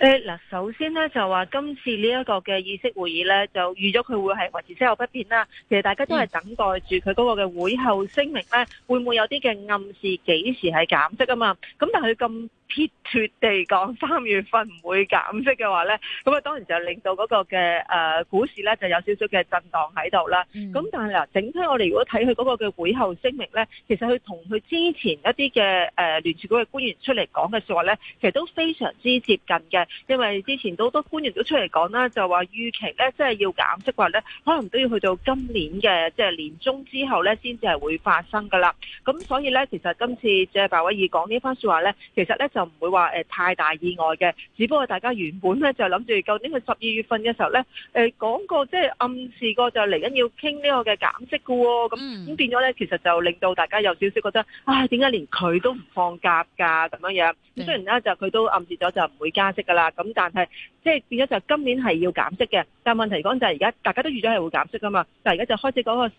誒，嗱，首先咧就話今次呢一個嘅議息會議咧，就預咗佢會係維持息口不變啦。其實大家都係等待住佢嗰個嘅會後聲明咧，會唔會有啲嘅暗示幾時係減息啊嘛？咁但係佢咁。撇脱地講，三月份唔會減息嘅話咧，咁啊當然就令到嗰個嘅誒股市咧就有少少嘅震盪喺度啦。咁、嗯、但係嗱，整體我哋如果睇佢嗰個嘅會後聲明咧，其實佢同佢之前一啲嘅誒聯儲局嘅官員出嚟講嘅説話咧，其實都非常之接近嘅。因為之前都好多官員都出嚟講啦，就，預就話預期咧即係要減息話咧，可能都要去到今年嘅即係年中之後咧，先至係會發生㗎啦。咁所以咧，其實今次即係鮑威爾講呢番説話咧，其實咧、就是就唔會話太大意外嘅，只不過大家原本咧就諗住，舊年佢十二月份嘅時候咧，誒講過即係暗示過就嚟緊要傾呢個嘅減息㗎喎，咁咁變咗咧，其實就令到大家有少少覺得，唉點解連佢都唔放假㗎咁樣樣？雖然咧就佢都暗示咗就唔會加息㗎啦，咁但係即係變咗就今年係要減息嘅，但問問題講就係而家大家都預咗係會減息㗎嘛，但而家就開始講個時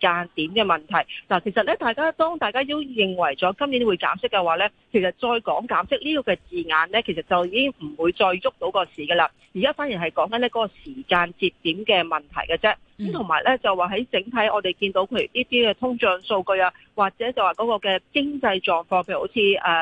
間點嘅問題。嗱，其實咧，大家當大家都認為咗今年會減息嘅話咧，其實再講減即呢個嘅字眼咧，其實就已經唔會再喐到個市㗎啦。而家反而係講緊呢嗰個時間節點嘅問題嘅啫，咁同埋咧就話喺整體我哋見到譬如呢啲嘅通脹數據啊，或者就話嗰個嘅經濟狀況，譬如好似誒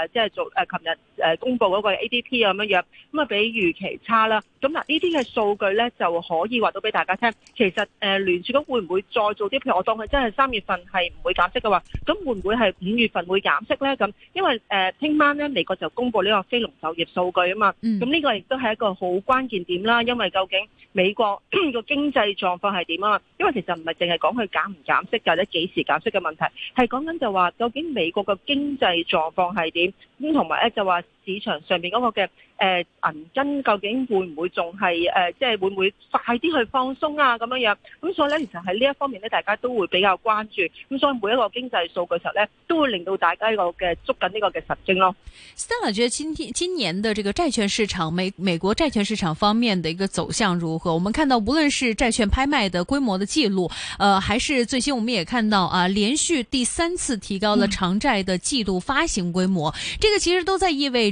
即係做誒琴日誒公佈嗰個 ADP 啊咁樣樣，咁啊比預期差啦。咁嗱呢啲嘅數據咧就可以話到俾大家聽，其實誒、呃、聯儲局會唔會再做啲譬如我當佢真係三月份係唔會減息嘅話，咁會唔會係五月份會減息咧？咁因為誒聽、呃、晚咧美國就公佈呢個非農就業數據啊嘛，咁、嗯、呢個亦都係一個好關鍵。點啦？因為究竟美國個經濟狀況係點啊？因為其實唔係淨係講佢減唔減息，或者幾時減息嘅問題，係講緊就話究竟美國個經濟狀況係點咁，同埋咧就話。市場上面嗰個嘅誒銀根究竟會唔會仲係誒，即係會唔會快啲去放鬆啊？咁樣樣，咁、嗯、所以咧，其實喺呢一方面咧，大家都會比較關注。咁、嗯、所以每一個經濟數據時候咧，都會令到大家呢個嘅捉緊呢個嘅神經咯。Stella，覺得，今天今年嘅呢個債券市場美美國債券市場方面嘅一個走向如何？我們看到無論是債券拍賣的規模的記錄，誒、呃，還是最新我們也看到啊，連續第三次提高了長債的季度發行規模，嗯。這個其實都在意味，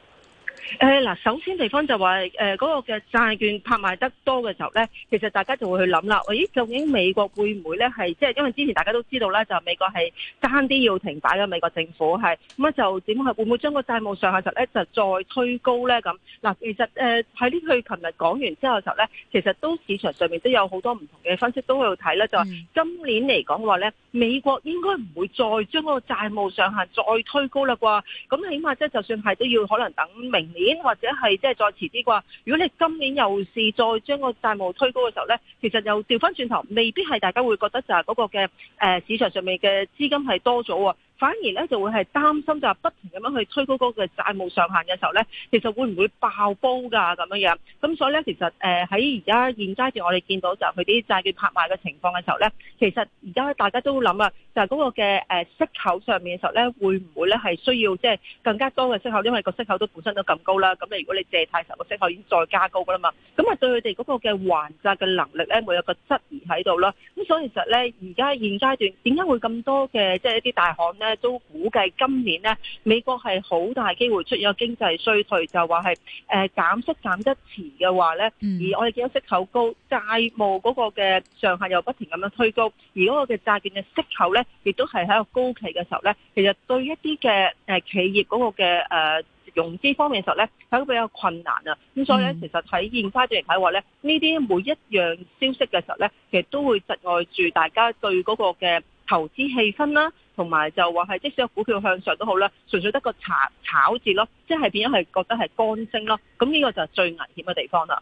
嗱，首先地方就話嗰個嘅債券拍賣得多嘅時候咧，其實大家就會去諗啦。咦，究竟美國會唔會咧係即係因為之前大家都知道咧，就美國係爭啲要停擺嘅美國政府係咁就點解會唔會將個債務上限實咧就再推高咧咁？嗱，其實喺呢佢琴日講完之後嘅時候咧，其實都市場上面都有好多唔同嘅分析都喺度睇啦，就話今年嚟講話咧，美國應該唔會再將嗰個債務上限再推高啦啩。咁起碼即係就算係都要可能等明年。或者係即係再遲啲啩，如果你今年又是再將個債務推高嘅時候咧，其實又調翻轉頭，未必係大家會覺得就係嗰個嘅誒、呃、市場上面嘅資金係多咗。反而咧就會係擔心就不停咁樣去推高嗰個債務上限嘅時候咧，其實會唔會爆煲㗎咁樣樣？咁所以咧，其實誒喺而家現階段我哋見到就係佢啲債券拍賣嘅情況嘅時候咧，其實而家大家都諗啊，就係、是、嗰個嘅誒、呃、息口上面嘅時候咧，會唔會咧係需要即係更加多嘅息口？因為個息口都本身都咁高啦，咁你如果你借太成個息口已經再加高㗎啦嘛，咁啊對佢哋嗰個嘅還債嘅能力咧，會有個質疑喺度啦。咁所以其實咧，而家現階段點解會咁多嘅即係一啲大行咧？都估計今年呢，美國係好大機會出現一個經濟衰退，就話係誒減息減得遲嘅話呢。嗯、而我哋見到息口高，債務嗰個嘅上限又不停咁樣推高，而嗰個嘅債券嘅息口呢，亦都係喺個高企嘅時候呢。其實對一啲嘅企業嗰個嘅誒、呃、融資方面嘅時候呢，係比較困難啊。咁、嗯、所以呢，其實喺印花咗嚟睇話呢，呢啲每一樣消息嘅時候呢，其實都會窒礙住大家對嗰個嘅。投資氣氛啦，同埋就話係即使個股票向上都好啦，純粹得個炒炒字咯，即係變咗係覺得係乾升咯，咁呢個就係最危險嘅地方啦。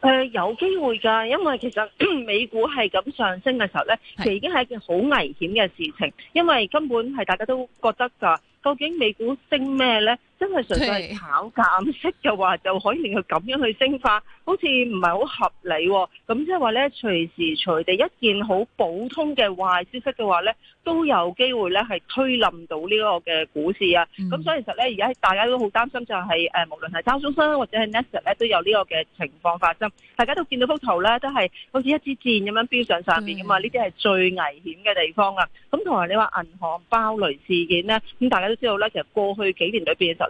誒、呃、有機會㗎，因為其實美股係咁上升嘅時候咧，其實已經係一件好危險嘅事情，因為根本係大家都覺得㗎，究竟美股升咩咧？真係純粹係炒減息嘅話，就可以令佢咁樣去升翻，好似唔係好合理。咁即係話咧，隨時隨地一件好普通嘅壞消息嘅話咧，都有機會咧係推冧到呢個嘅股市啊。咁所以其實咧，而家大家都好擔心就係誒，無論係渣打公司或者係 Nestle 咧，都有呢個嘅情況發生。大家都見到幅圖咧，都係好似一支箭咁樣飆上上面嘅嘛。呢啲係最危險嘅地方啊。咁同埋你話銀行爆雷事件咧，咁大家都知道咧，其實過去幾年裏邊嘅時候。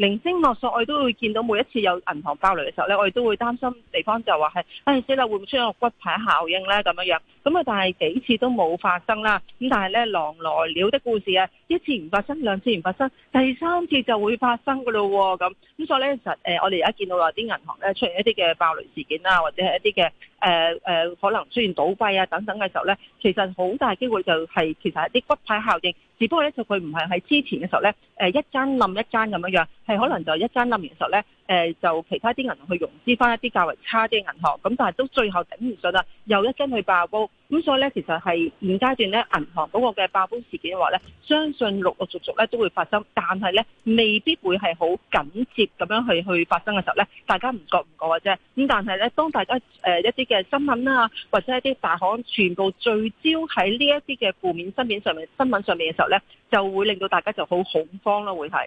零星落索，我哋都會見到每一次有銀行爆雷嘅時候咧，我哋都會擔心地方就話係唉，死啦，會唔會出現一個骨牌效應咧咁樣樣？咁啊，但係幾次都冇發生啦。咁但係咧，狼來了的故事啊，一次唔發生，兩次唔發生，第三次就會發生㗎咯喎咁。咁所以咧，其實誒，我哋而家見到話啲銀行咧出現一啲嘅爆雷事件啊，或者係一啲嘅、呃呃、可能出現倒閉啊等等嘅時候咧，其實好大機會就係、係、其實係一啲骨牌效應，只不過咧就佢唔係喺之前嘅時候咧，誒一間冧一間咁樣樣。係可能就一間冧完時候咧，誒、呃、就其他啲銀行去融資翻一啲較為差啲銀行，咁但係都最後頂唔順啦，又一間去爆煲，咁所以咧其實係現階段咧銀行嗰個嘅爆煲事件嘅話咧，相信陸陸續續咧都會發生，但係咧未必會係好緊接咁樣去去發生嘅時候咧，大家唔覺唔覺嘅啫，咁但係咧當大家誒、呃、一啲嘅新聞啊或者一啲大行全部聚焦喺呢一啲嘅負面新聞上面新聞上面嘅時候咧，就會令到大家就好恐慌咯，會係。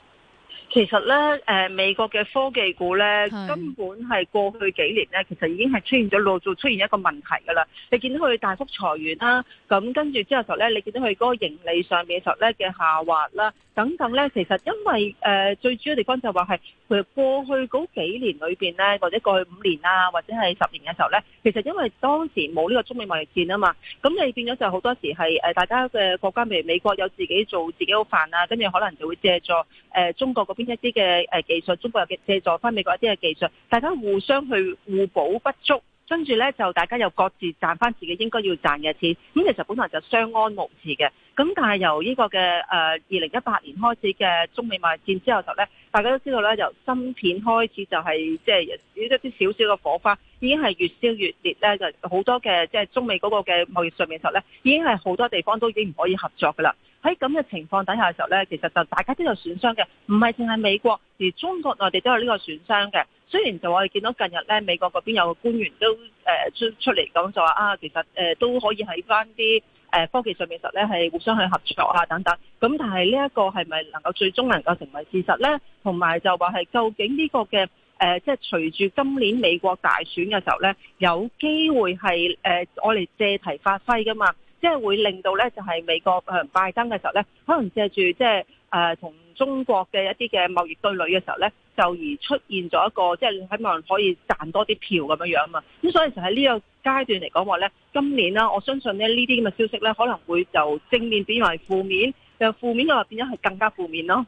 其實咧，誒、呃、美國嘅科技股咧，根本係過去幾年咧，其實已經係出現咗陸續出現一個問題噶啦。你見到佢大幅裁員啦，咁、啊、跟住之後嘅時候咧，你見到佢嗰個盈利上面嘅時候咧嘅下滑啦，等等咧，其實因為誒、呃、最主要的地方就話係佢過去嗰幾年裏邊咧，或者過去五年啊，或者係十年嘅時候咧，其實因為當時冇呢個中美貿易戰啊嘛，咁你變咗就好多時係誒、呃、大家嘅國家，譬如美國有自己做自己嘅飯啊，跟住可能就會借助誒、呃、中國嗰一啲嘅誒技術，中國有嘅借助翻美國一啲嘅技術，大家互相去互補不足，跟住咧就大家又各自賺翻自己應該要賺嘅錢。咁其實本來就相安無事嘅，咁但係由呢個嘅誒二零一八年開始嘅中美貿易戰之後就咧，大家都知道咧，由芯片開始就係即係少一啲少少嘅火花，已經係越燒越烈咧，就好多嘅即係中美嗰個嘅貿易上面頭咧，已經係好多地方都已經唔可以合作㗎喇。喺咁嘅情況底下嘅時候呢，其實就大家都有損傷嘅，唔係淨係美國，而中國內地都有呢個損傷嘅。雖然就我哋見到近日呢，美國嗰邊有個官員都誒、呃、出出嚟講，就話啊，其實誒、呃、都可以喺返啲誒科技上面實呢係互相去合作啊等等。咁但係呢一個係咪能夠最終能夠成為事實呢？同埋就話係究竟呢個嘅誒，即、呃、係、就是、隨住今年美國大選嘅時候呢，有機會係誒我哋借題發揮㗎嘛。即係會令到咧，就係美國誒拜登嘅時候咧，可能借住即係誒同中國嘅一啲嘅貿易對壘嘅時候咧，就而出現咗一個即係希望可以賺多啲票咁樣樣啊嘛。咁所以就喺呢個階段嚟講話咧，今年啦，我相信咧呢啲咁嘅消息咧，可能會就正面變為負面，就負面嘅話變咗係更加負面咯。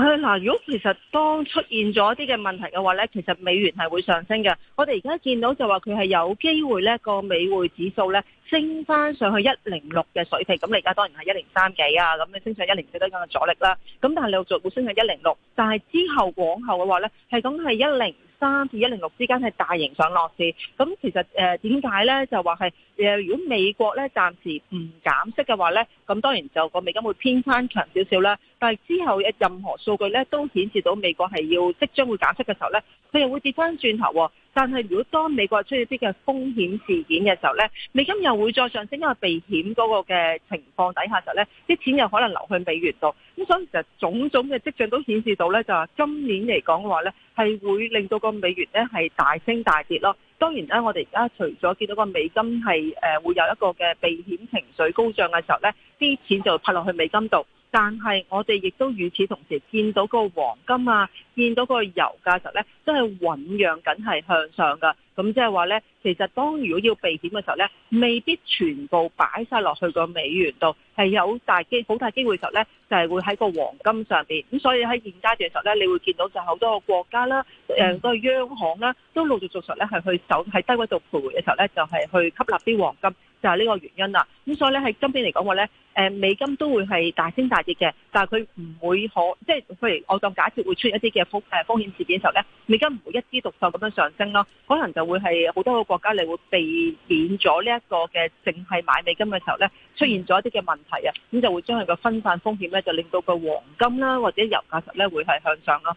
係嗱，如果其實當出現咗啲嘅問題嘅話咧，其實美元係會上升嘅。我哋而家見到就話佢係有機會咧，個美匯指數咧升翻上去一零六嘅水平。咁你而家當然係一零三幾啊，咁你升上一零四都咁嘅阻力啦。咁但係你又做冇升上一零六，但係之後往後嘅話咧，係咁係一零。三至一零六之間係大型上落市，咁其實誒點解咧？就話係、呃、如果美國咧暫時唔減息嘅話咧，咁當然就個美金會偏翻強少少啦。但係之後嘅任何數據咧，都顯示到美國係要即將會減息嘅時候咧，佢又會跌翻轉頭，啊。但係如果當美國出現啲嘅風險事件嘅時候呢，美金又會再上升，因為避險嗰個嘅情況底下嘅時候呢，啲錢又可能流向美元度。咁所以其實種種嘅跡象都顯示到呢，就係、今年嚟講嘅話呢，係會令到個美元呢係大升大跌咯。當然呢，我哋而家除咗見到個美金係誒會有一個嘅避險情緒高漲嘅時候呢，啲錢就會拍落去美金度。但係我哋亦都與此同時見到個黃金啊，見到個油價時候呢，咧，都係醞釀緊係向上㗎。咁即係話咧，其實當如果要避險嘅時候咧，未必全部擺晒落去個美元度。係有大機好大機會嘅時候咧，就係會喺個黃金上面。咁，所以喺現階段嘅時候咧，你會見到就好多個國家啦，誒都係央行啦，都陸續逐實咧係去守喺低位度徘徊嘅時候咧，就係去吸納啲黃金，就係呢個原因啦。咁所以咧喺今天嚟講話咧，誒美金都會係大升大跌嘅，但係佢唔會可即係譬如我咁假設會出現一啲嘅風誒風險事件嘅時候咧，美金唔會一枝獨秀咁樣上升咯，可能就會係好多個國家你會避免咗呢一個嘅淨係買美金嘅時候咧出現咗一啲嘅問。係啊，咁就會將佢個分散風險咧，就令到個黃金啦或者油價實咧會係向上咯。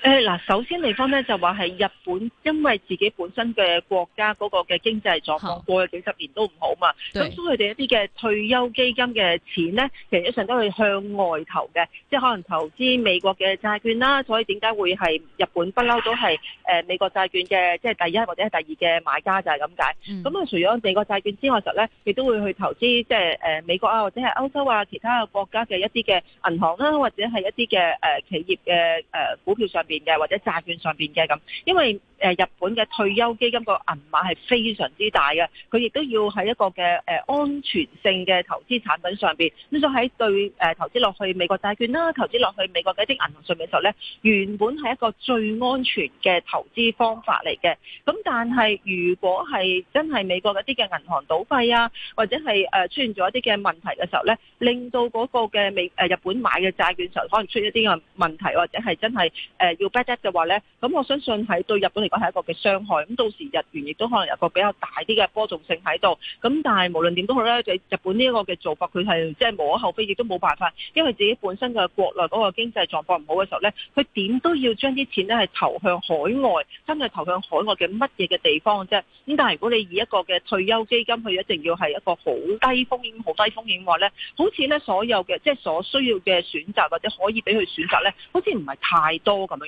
誒，嗱，首先嚟講咧，就話係日本，因為自己本身嘅國家嗰個嘅經濟狀況過咗幾十年都唔好嘛，咁所以佢哋一啲嘅退休基金嘅錢咧，其實一上都係向外投嘅，即係可能投資美國嘅債券啦，所以點解會係日本不嬲都係誒美國債券嘅即係第一或者係第二嘅買家就係咁解。咁、嗯、啊，除咗美國債券之外，實咧亦都會去投資即係誒美國啊或者係歐洲啊其他嘅國家嘅一啲嘅銀行啦、啊、或者係一啲嘅誒企業嘅誒、呃、股票上。邊嘅，或者債券上邊嘅。咁，因為誒日本嘅退休基金個銀碼係非常之大嘅，佢亦都要喺一個嘅誒安全性嘅投資產品上邊，咁所以喺對誒投資落去美國債券啦，投資落去美國嘅一啲銀行上面嘅時候咧，原本係一個最安全嘅投資方法嚟嘅。咁但係如果係真係美國一啲嘅銀行倒閉啊，或者係誒出現咗一啲嘅問題嘅時候咧，令到嗰個嘅美誒日本買嘅債券時候可能出一啲嘅問題，或者係真係誒，要 bad debt 嘅話咧，咁我相信係對日本嚟講係一個嘅傷害。咁到時日元亦都可能有個比較大啲嘅波動性喺度。咁但係無論點都好咧，就日本呢一個嘅做法，佢係即係無可厚非，亦都冇辦法，因為自己本身嘅國內嗰個經濟狀況唔好嘅時候咧，佢點都要將啲錢咧係投向海外，真係投向海外嘅乜嘢嘅地方啫。咁但係如果你以一個嘅退休基金，佢一定要係一個好低風險、好低風險話咧，好似咧所有嘅即係所需要嘅選擇或者可以俾佢選擇咧，好似唔係太多咁樣。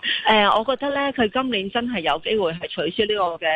誒、呃，我覺得咧，佢今年真係有機會係取消呢、這個嘅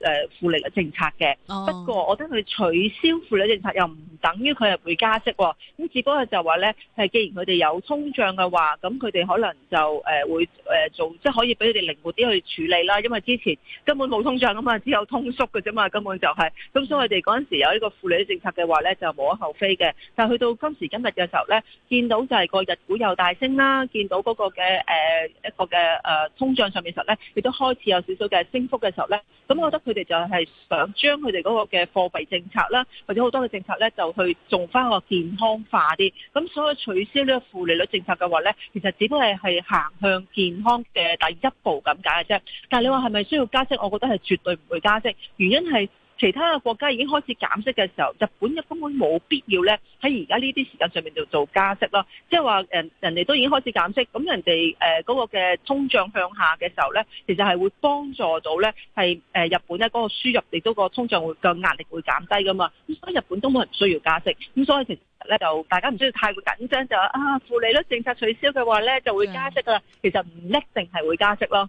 誒誒負利率政策嘅。Oh. 不過，我覺得佢取消負利率政策又唔等於佢入會加息喎、哦。咁只不過就話咧，係既然佢哋有通脹嘅話，咁佢哋可能就誒會、呃呃、做，即係可以俾佢哋靈活啲去處理啦。因為之前根本冇通脹啊嘛，只有通縮嘅啫嘛，根本就係、是。咁所以佢哋嗰陣時有呢個負利率政策嘅話咧，就無可厚非嘅。但係去到今時今日嘅時候咧，見到就係個日股又大升啦，見到嗰個嘅誒。呃一個嘅誒通脹上面嘅時候咧，亦都開始有少少嘅升幅嘅時候咧，咁我覺得佢哋就係想將佢哋嗰個嘅貨幣政策啦，或者好多嘅政策咧，就去做返個健康化啲。咁所以取消呢個負利率政策嘅話咧，其實只不過係行向健康嘅第一步咁解嘅啫。但係你話係咪需要加息？我覺得係絕對唔會加息，原因係，其他嘅國家已經開始減息嘅時候，日本又根本冇必要咧喺而家呢啲時間上面就做加息咯。即係話，人人哋都已經開始減息，咁人哋嗰、呃嗰個嘅通脹向下嘅時候咧，其實係會幫助到咧係、呃、日本咧嗰個輸入嚟到個通脹會嘅壓力會減低噶嘛。咁所以日本都冇人需要加息。咁所以其實咧就大家唔需要太過緊張，就話啊負利率政策取消嘅話咧就會加息噶啦。其實唔一定係會加息咯。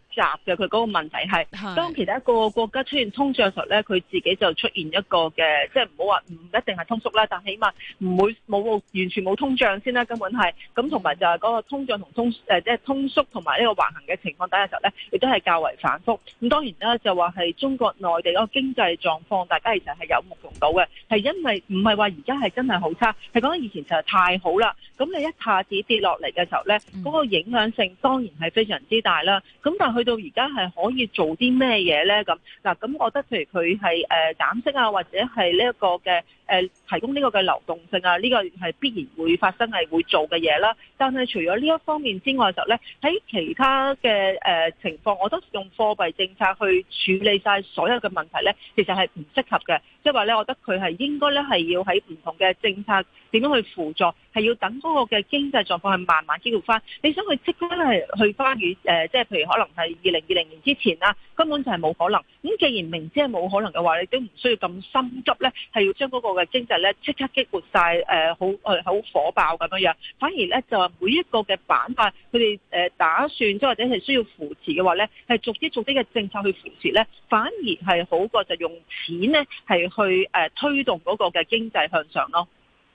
雜嘅佢嗰個問題係，當其他一個國家出現通脹嘅時候咧，佢自己就出現一個嘅，即係唔好話唔一定係通縮啦，但起碼唔會冇完全冇通脹先啦，根本係，咁同埋就係嗰個通脹同通誒即係通縮同埋呢個橫行嘅情況底下嘅時候咧，亦都係較為反覆。咁當然啦，就話係中國內地嗰個經濟狀況，大家其實係有目共睹嘅，係因為唔係話而家係真係好差，係講緊以前就係太好啦。咁你一下子跌落嚟嘅時候咧，嗰個影響性當然係非常之大啦。咁但係佢。去到而家係可以做啲咩嘢咧？咁嗱，咁我覺得譬如佢係誒減息啊，或者係呢一個嘅誒、呃、提供呢個嘅流動性啊，呢、這個係必然會發生係會做嘅嘢啦。但係除咗呢一方面之外就是、呢咧，喺其他嘅誒、呃、情況，我覺得用貨幣政策去處理晒所有嘅問題咧，其實係唔適合嘅，即係話咧，我覺得佢係應該咧係要喺唔同嘅政策點樣去輔助。係要等嗰個嘅經濟狀況係慢慢激活翻，你想佢即刻係去翻與誒，即、呃、係譬如可能係二零二零年之前啦，根本就係冇可能。咁既然明知係冇可能嘅話，你都唔需要咁心急咧，係要將嗰個嘅經濟咧即刻激活晒，誒、呃，好好火爆咁樣，反而咧就每一個嘅板塊，佢哋打算即係或者係需要扶持嘅話咧，係逐啲逐啲嘅政策去扶持咧，反而係好過就用錢咧係去推動嗰個嘅經濟向上咯。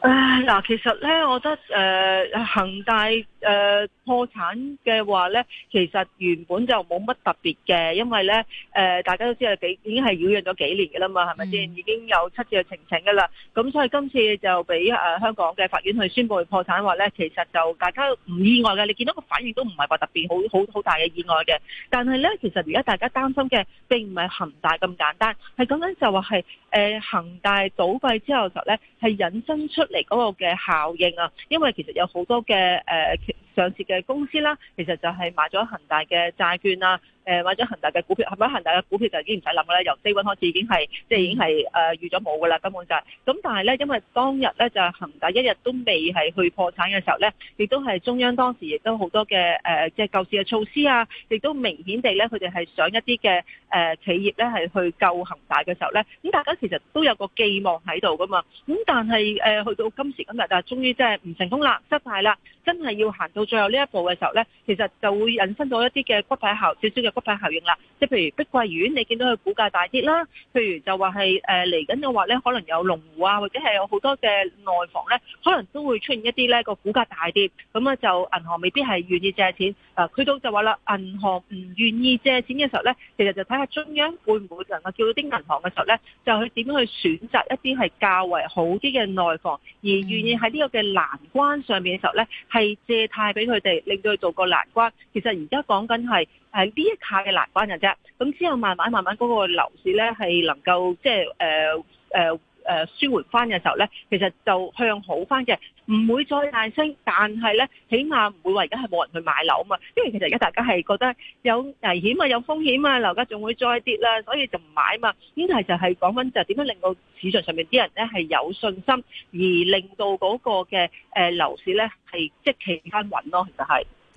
誒，嗱，其實咧，我覺得誒，呃、恆大誒、呃、破產嘅話咧，其實原本就冇乜特別嘅，因為咧誒、呃，大家都知係幾已經係擾攘咗幾年噶啦嘛，係咪先？已經有七次嘅情情噶啦，咁所以今次就俾誒、呃、香港嘅法院去宣布佢破產嘅話咧，其實就大家唔意外嘅，你見到個反應都唔係話特別好好好大嘅意外嘅。但係咧，其實而家大家擔心嘅並唔係恆大咁簡單，係咁樣就話係誒恆大倒閉之後就咧係引申出。嚟嗰個嘅效應啊，因為其實有好多嘅、誒、呃、上市嘅公司啦，其實就係買咗恒大嘅債券啊。誒或者恒大嘅股票，係咪恒大嘅股票就已經唔使諗嘅啦，由四 e 開始已經係，即係已經係誒、呃、預咗冇嘅啦，根本就係、是。咁但係咧，因為當日咧就係恒大一日都未係去破產嘅時候咧，亦都係中央當時亦都好多嘅、呃、即係救市嘅措施啊，亦都明顯地咧，佢哋係想一啲嘅誒企業咧係去救恒大嘅時候咧，咁大家其實都有個寄望喺度噶嘛。咁但係誒、呃、去到今時今日，但係終於即係唔成功啦，失敗啦，真係要行到最後呢一步嘅時候咧，其實就會引申到一啲嘅骨牌效少少嘅。效應啦，即係譬如碧桂園，你見到佢股價大跌啦，譬如就話係誒嚟緊嘅話咧，可能有龍湖啊，或者係有好多嘅內房咧，可能都會出現一啲咧個股價大跌，咁啊就銀行未必係願意借錢。啊，佢都就話啦，銀行唔願意借錢嘅時候咧，其實就睇下中央會唔會能夠叫到啲銀行嘅時候咧，就去點樣去選擇一啲係較為好啲嘅內房，而願意喺呢個嘅難關上面嘅時候咧，係借貸俾佢哋，令到佢做個難關。其實而家講緊係。係呢一卡嘅難關嘅啫，咁之後慢慢慢慢嗰個樓市咧係能夠即係誒誒誒舒緩翻嘅時候咧，其實就向好翻嘅，唔會再大升，但係咧起碼唔會話而家係冇人去買樓啊嘛，因為其實而家大家係覺得有危險啊、有風險啊，樓價仲會再跌啦，所以就唔買啊嘛。呢個係就係講緊就點樣令到市場上面啲人咧係有信心，而令到嗰個嘅誒樓市咧係即係企翻穩咯，其實係。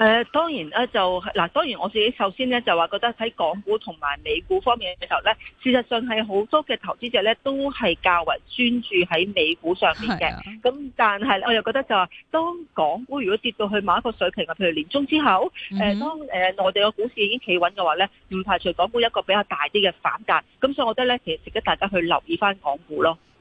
誒、呃、當然咧、啊、就嗱，當然我自己首先咧就話覺得喺港股同埋美股方面嘅時候咧，事實上係好多嘅投資者咧都係較為專注喺美股上面嘅。咁、啊、但係我又覺得就話，當港股如果跌到去某一個水平啊，譬如年中之後，誒、嗯呃、當誒、呃、內地嘅股市已經企穩嘅話咧，唔排除港股一個比較大啲嘅反彈。咁所以我覺得咧，其實值得大家去留意返港股咯。